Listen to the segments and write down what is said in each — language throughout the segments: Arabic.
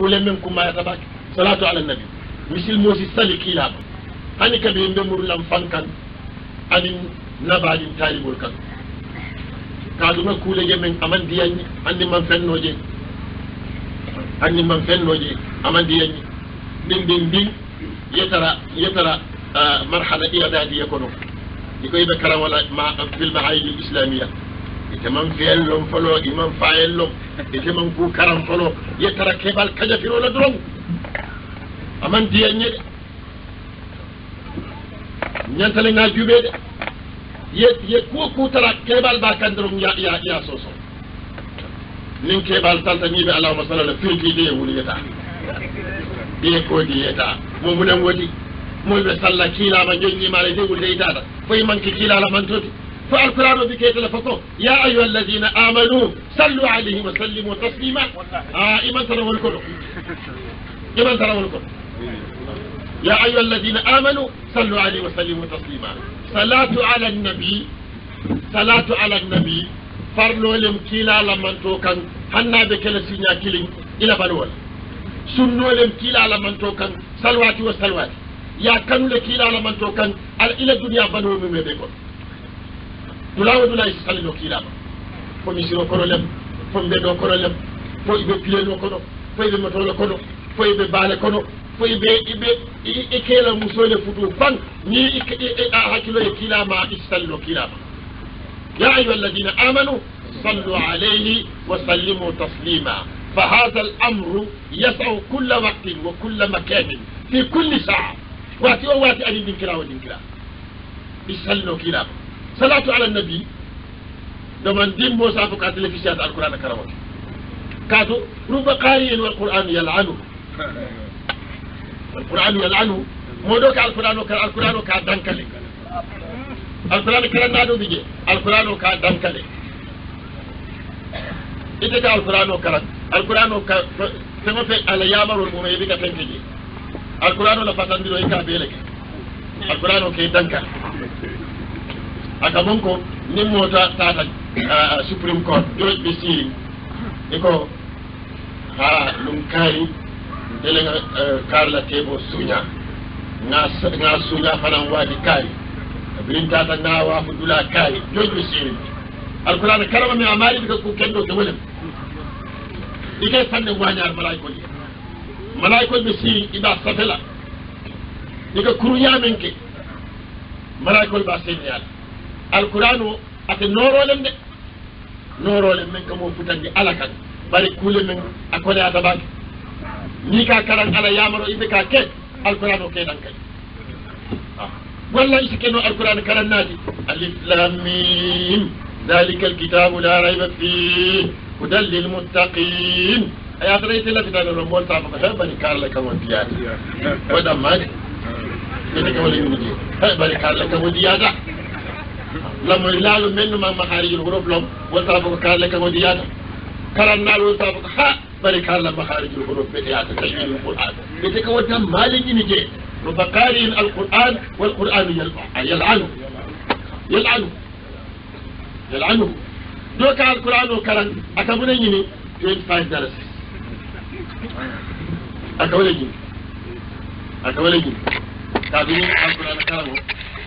problème men kummaya tabake salatu ala nabi misil moosi sali kiilaama hani kadi en mbemurlam fan kan anin nabaɗin taalibol kan ka ɗuma kuuleje men aman ndiyanñi anndi man fennoje anndi man fennoje aman ndiyanñi ɗin ɗin ndin yetara yetara marhala ɗiyadadiye kono ɗi koyeɓe karawala ma fil maayidil islamia iteman fiyellon folo iman fayellon iteman kukaran folo yettara keɓal kañatirola doron aman diyañe de ñantale ga juuɓe de ye ye kuwo kutara keɓal ba kandirom ya ya ya soso nin keɓal talta ñiɓe allahuma sall ala firtide ye wuliyeta ɗiye koodi yeta mo munen wodi moyɓe salla kiilama joññimale de wulde yitata foye la man mantoti فالقرآن ذكيت لفصل يا أيها الذين آمنوا سلوا عليه وسلم وتسليما إمن آه، ترى ولكل إمن ترى ولكل يا أيها الذين آمنوا سلوا عليه وسلم وتسليما صلاة على النبي صلاة على النبي فرلو لهم كلا لما توكا حنا بكل سنيا كلين إلى بلوال سنو لهم كلا لما توكا صلواتي وصلواتي يا كانوا لكلا لما توكا إلى الدنيا بلوال من مبكول dulawo dula e sallino kiilaama fomi siro kono lem fomi mbeɗo kono lem fo iɓe pileno kono fo iɓe motolo kono fo iɓe baale kono fo iɓe iɓe e keela musole futu fan ni a hakkilo e kiilaama i sallino kiilaama ya ayuha alladina amanu صلوا عليه وسلموا تسليما فهذا الأمر يسع كل وقت وكل مكان في كل ساعة واتي واتي أن ينكرا ودنكرا يسلوا كلامه صلاة على النبي لما ندين موسى فوق على التلفزيون على القرآن الكرام كاتو روب قارئ والقرآن يلعنه القرآن يلعنه مودوك على القرآن وكا القرآن وكا دنكلي القرآن كلام نادو بيجي القرآن وكا دنكلي إذا كان القرآن وكا القرآن وكا كما في الأيام والمومي بيجي تنجي القرآن لفتن دلو إيكا بيلك القرآن وكا دنكلي akaman ko nin ta tata supreme court yoro ɓe siiri iko ha ɗum kaari ndele karla tebo suuña ga suuña fanan waadi kaari birin ta ta waafo dula kaari joyi ɓe siiri alkurana karama mi a maari ɗika ko kenɗo ke wolem ike sanne wañaar malaykol ye malaykol ɓe siiri iɓa satela ɗika kuruñamen ke malaykol ɓa seneyaala القران ات نورولم دي نورولم من كمو فوتاندي علاكا بري كولم من اكولي ادباك ني كا كران على يامرو ايبكا كيك القران اوكي دانكاي والله يسكنو القران كران نادي الف لام ذلك الكتاب لا ريب فيه هدى للمتقين اي اخريت لك ده الرمول تاع بكره بني كارلا كمان ديات ودا ماج بني كارلا كمان ديات لما لالو منو ما مخارج الحروف لهم وسابق كان لك ودياتا كران نالو سابق ها بري كان لما مخارج الحروف بدياتا تشغيل القرآن بتك وتم مالك نجي وبقارئ القرآن والقرآن يلعنه يلعنه يلعنه دوك على القرآن وكران أكبر يني 25 درس أكبر يني أكبر يني تابعين القرآن كرانه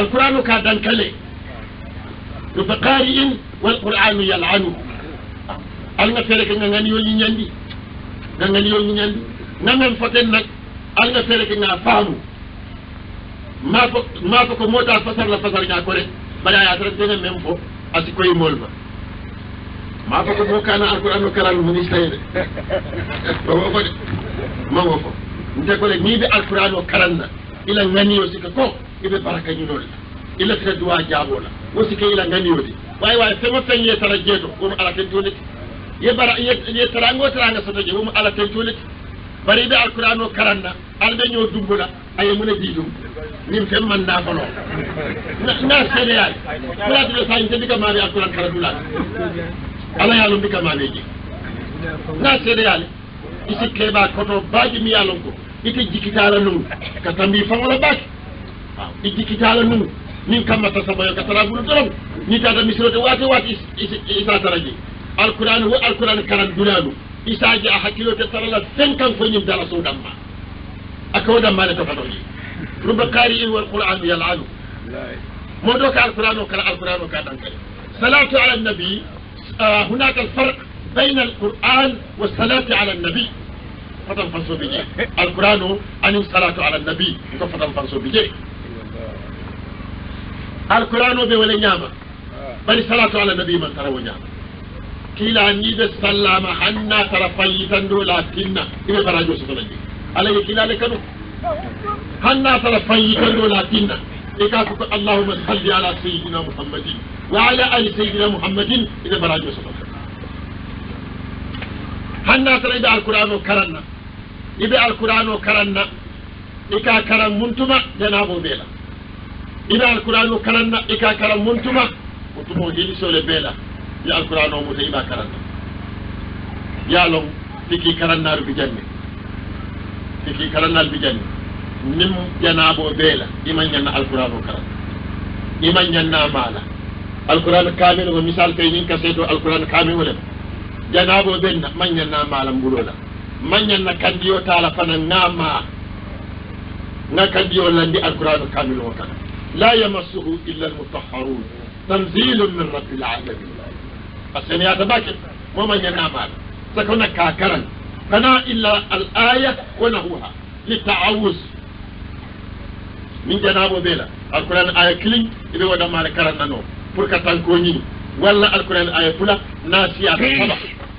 القرآن كادن كلي يفقارئ والقرآن يلعن ألغا فيرك نغان يولي نياندي نغان يولي نياندي نغان فتن نك ألغا فيرك نغا فهم ما فك موتا فسر لفسر نغا كوري بلا ياترد نغان ممفو أسي كوي مولما ما فك موكا نغا القرآن كلام منيستيني ما وفو ما وفو نتاكولي ميبي القرآن وكرانا إلا نغاني وسيكا كو i baraka baara kɛ ɲin'o de la i la duwa jaab'o la o si la ŋani o de way waaye fɛn o fɛn ye tara diɲɛ dɔn ala tɛ tuuli ye bara ye tara an k'o tara an ka sɔtɔ jɛ o mu ala tɛ tuuli bari i bɛ alikuran n'o karan na ala bɛ ɲ'o la a ye mun de di dun man d'a kɔnɔ n'a seereya ye fula tun sa n tɛ bi ka maa bɛ alikuran karan dun la ala y'a lɔn bi ka maa bɛ jɛ n'a seereya ye i si kɛ b'a kɔtɔ ko i tɛ la n'o ka taa n b'i iddi kitaala nun min kammata sabayo ka tara bulu dorom ni tata misirode waate waati isa taraji alqur'an wo alqur'an karam dunanu isaji a hakkilote tarala fen kan fo ñim dala sowɗamma aka woɗammane tokatoji ruba kari in wal qur'anu yalanu moɗo ka alqur'an o kala alqur'an o ka ɗan kadi salatu ala nabi hunaka alfarq بين القرآن والصلاة على النبي فتنفسوا بجي القرآن عن الصلاة على النبي فتنفسوا بجي القران وبي ولا نياما بل صلاه على النبي من ترى ونياما كيلا ني ده سلام حنا ترى فايتن دو لكن ايه براجو سبلجي عليه كيلا لك دو حنا ترى فايتن دو لكن ايه اللهم صل على سيدنا محمد وعلى ال سيدنا محمد ايه براجو سبلجي حنا ترى ده القران وكرنا ايه القران وكرنا ايه كرم منتما جنابو بيلا ila alqur'anu karanna ika karan muntuma mutumo hili sole bela ya alqur'anu mu ta iba karanna ya lon tiki karanna rubi janne tiki karanna rubi janne nim janabo bela iman yanna alqur'anu karanna iman yanna mala alqur'anu kamil ko misal kay nin ka seto alqur'anu kamil wala janabo benna man yanna mala mbulola man yanna kandiyo tala fana nama na kandiyo landi alqur'anu kamil wakana لا يمسه إلا المطهرون تنزيل من رب العالمين يعني هذا باكر ومن ينام هذا سكون كاكرا فنا إلا الآية ونهوها للتعوز من جناب بلا القرآن آية كلين إذا ودا كرن نو بركة تنكوني ولا القرآن آية فلا ناسيا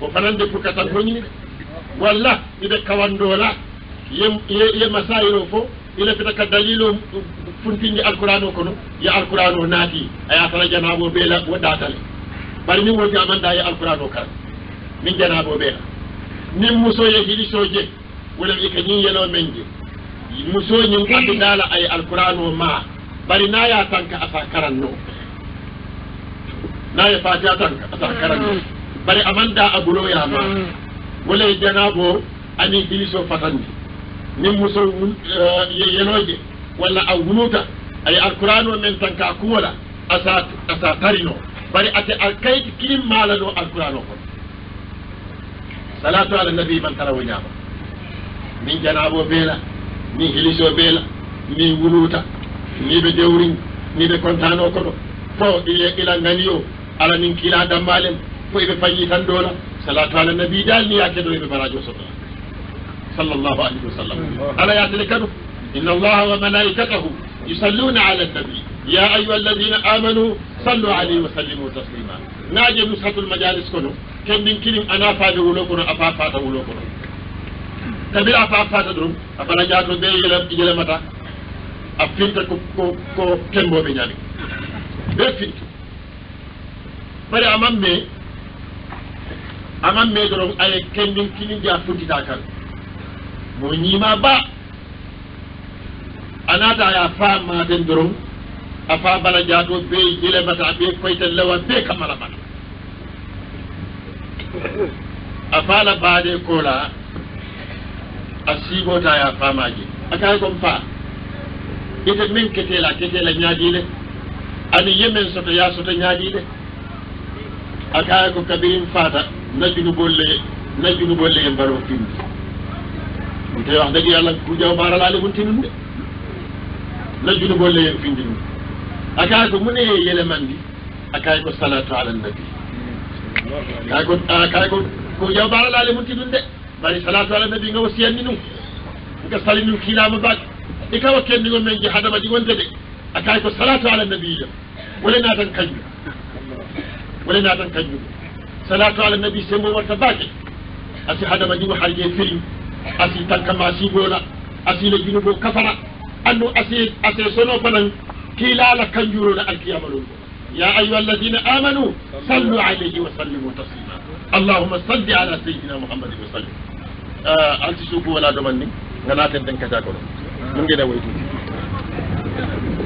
وفنان دي بركة تنكوني ولا إذا كواندولا يم يم مسائل فو ila ina ka dalilo funtinde alqur'an o kono ya alqur'an o naati aya yatara janabo be la beela woɗɗatale bari min wonti amanda ya alqur'an o kala min janabo be la min muso ye hiɗi soje wolam ika ñin yelo menje muso je ngati dala ay alqur'an o ma bari na ya tanka asa na ya fatiha tanka asa no bari amanda abulo ya ma wala janabo ani so fatandi نمسو آه، ينوجي ولا أغنوكا أي القرآن ومن تنكا كولا أساترينو بري أتي أكيد كلم ما لدو القرآن وقل صلاة على النبي من تلو نعم من جنابو بيلا من هلسو بيلا من ولوتا من بدورين من بكونتانو كدو فو إلي إلى نانيو على من كلا دمالين فو إبفايي تندولا صلاة على النبي دال نياكدو إبفراجو سبحانه صلى الله عليه وسلم ألا يعتلكنه إن الله وملائكته يصلون على النبي يا أيها الذين آمنوا صلوا عليه وسلموا تسليما ناجي نسخة المجالس كنو كم من كلم أنا فاده ولوكنا أفا فاده ولوكنا تبير أفا فاده درم أفلا جاتو دي يلم متى أفلت كو كو كو كمبو بنياني بفلت bari amam me amam me dorom ay kendin kini ja futi takal ba munyimaba anata ya fa ma den doron afa bala jato be jile bata be koyta lawa be kamala bala afa la bade kola asibo ta ya fa ma ji aka ko fa ita min kete la kete la nyaadi le ani yemen soto ya soto nyaadi le aka ko kabirin fata na junugolle na junugolle en baro fimbi te wax dëgg yàlla ku jaw baaralaale bunti nun de la junu boole yéen findi nun akaay ko mu ne yele mandi akaay ko salatu ala nabi kaay ko kaay ko ko jaw baaralaale bunti nun de bari salatu ala nabi nga wasiyan ni nun nga sali nun kiilama baak e kawa kenndi gon men je hadama ɗi wonde de akaay ko salatu ala nabi jam wole naatan kanjum wole naatan kanjum salatu ala nabi sembo warta baake asi hadama ɗi go harje firiw asi talka ma si gola asi le junubo kafara anu asi asi sono banan kila la kanjuro na alkiyamalu يا أيها الذين آمنوا صلوا عليه وسلموا تسليما اللهم صل على سيدنا محمد وسلم أنت شوفوا ولا دمني أنا أتنكتاكم من قد ويتوا